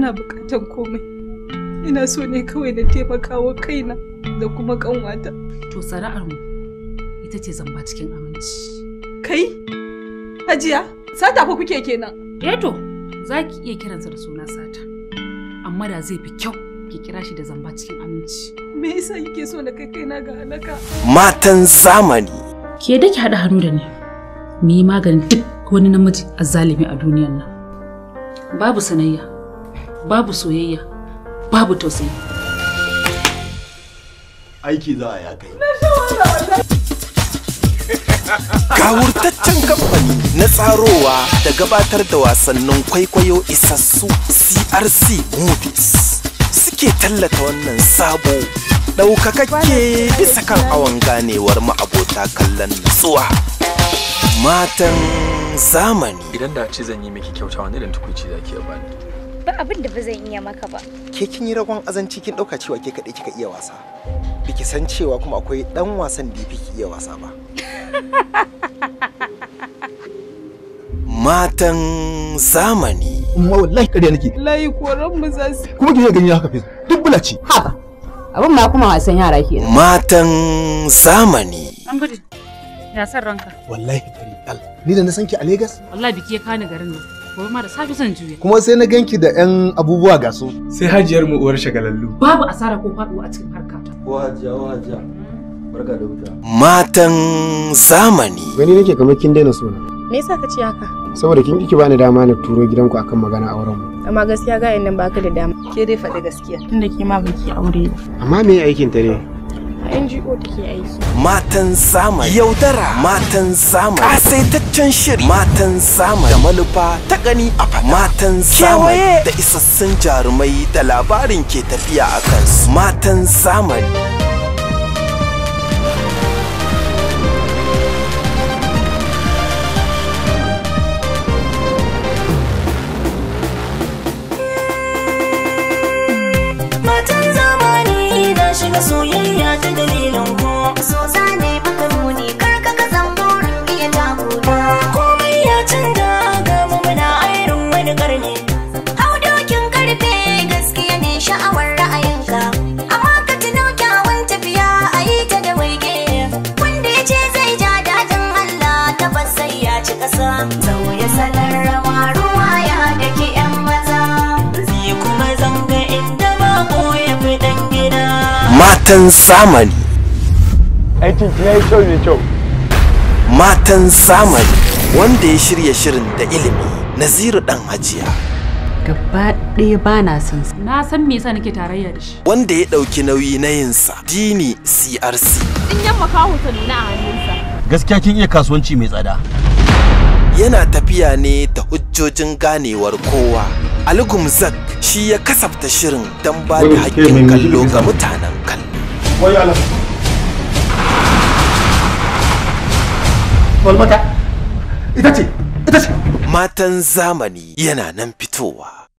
ina bukatan komai ina so ne kawai na taimaka wa kaina da kuma kanwata to sana'ar mu ita ce zamba cikin aminci kai hajiya sata fa kuke kenan eh to za ki iya kiransa da suna sata amma da zai fi kyau ki kira shi da zamba cikin aminci me yasa kike so na kai kaina ga halaka matan zamani ke da ki hada hannu da ni mu yi maganin duk wani namiji azzalimi a duniyar nan babu sanayya babu soyayya babu tausayi aiki za a ya kai gawurtaccen kamfani na tsarowa da gabatar da wasannin kwaikwayo isassu crc movies suke tallata wannan sabo ɗaukakakke bisa kan awon ganewar ma'abota kallon nutsuwa matan zamani idan da ce zan yi miki kyauta wani irin tukuci zaki ya bani ba abin da ba zan iya maka ba ke kin yi ragon azanci kin dauka cewa ke kaɗai kika iya wasa biki san cewa kuma akwai dan wasan da biki iya wasa ba matan zamani ma wallahi kare nake wallahi koran mu za su kuma ki ganin haka fes. duk bulaci ha abin ma kuma wasan yara ke matan zamani an gudu ya san ranka wallahi tari ni da na san ki a Lagos wallahi biki ya kani garin nan ma da juya. Kuma sai na ganki da 'yan abubuwa ga su. Sai hajiyar mu uwar shagalallu. Babu asara ko faɗuwa a cikin harka. Ko hajiya, ko hajiya. Barka da wuta. Matan zamani. Gani nake kamar kin daina suna. Me yasa ka ce haka? Saboda kin kike bani dama na turo gidanku akan magana auren mu. Amma gaskiya ga nan baka da dama. Ke dai faɗi gaskiya. Tunda ke ma baki aure. Amma me aikin ta ne? NGO take aiki. Matan zamani yaudara matan zamani kasaitaccen shiri matan zamani da manufa ta gani a fata matan zamani da isassun jarumai da labarin ke tafiya a kansu matan zamani. soyayya sauya salon rawa ruwa ya dake yan maza zai kuma zanga inda bako ya gida matan zamani aikin ki yayi kyau ne kyau matan zamani wanda ya shirya shirin da ilimi naziru dan hajiya gaba ɗaya ba na san sa. Na san me yasa nake tarayya da shi. Wanda ya ɗauki nauyi na yinsa Dini CRC. In yamma kawo ta nuna a hannunsa. Gaskiya kin iya kasuwanci mai tsada. yana tafiya ne da hujjojin ganewar kowa algumzak shi ya kasafta shirin don ba da haƙƙin kallo ga mutanen kallo Walmata, ita ita ce. Matan zamani yana nan fitowa.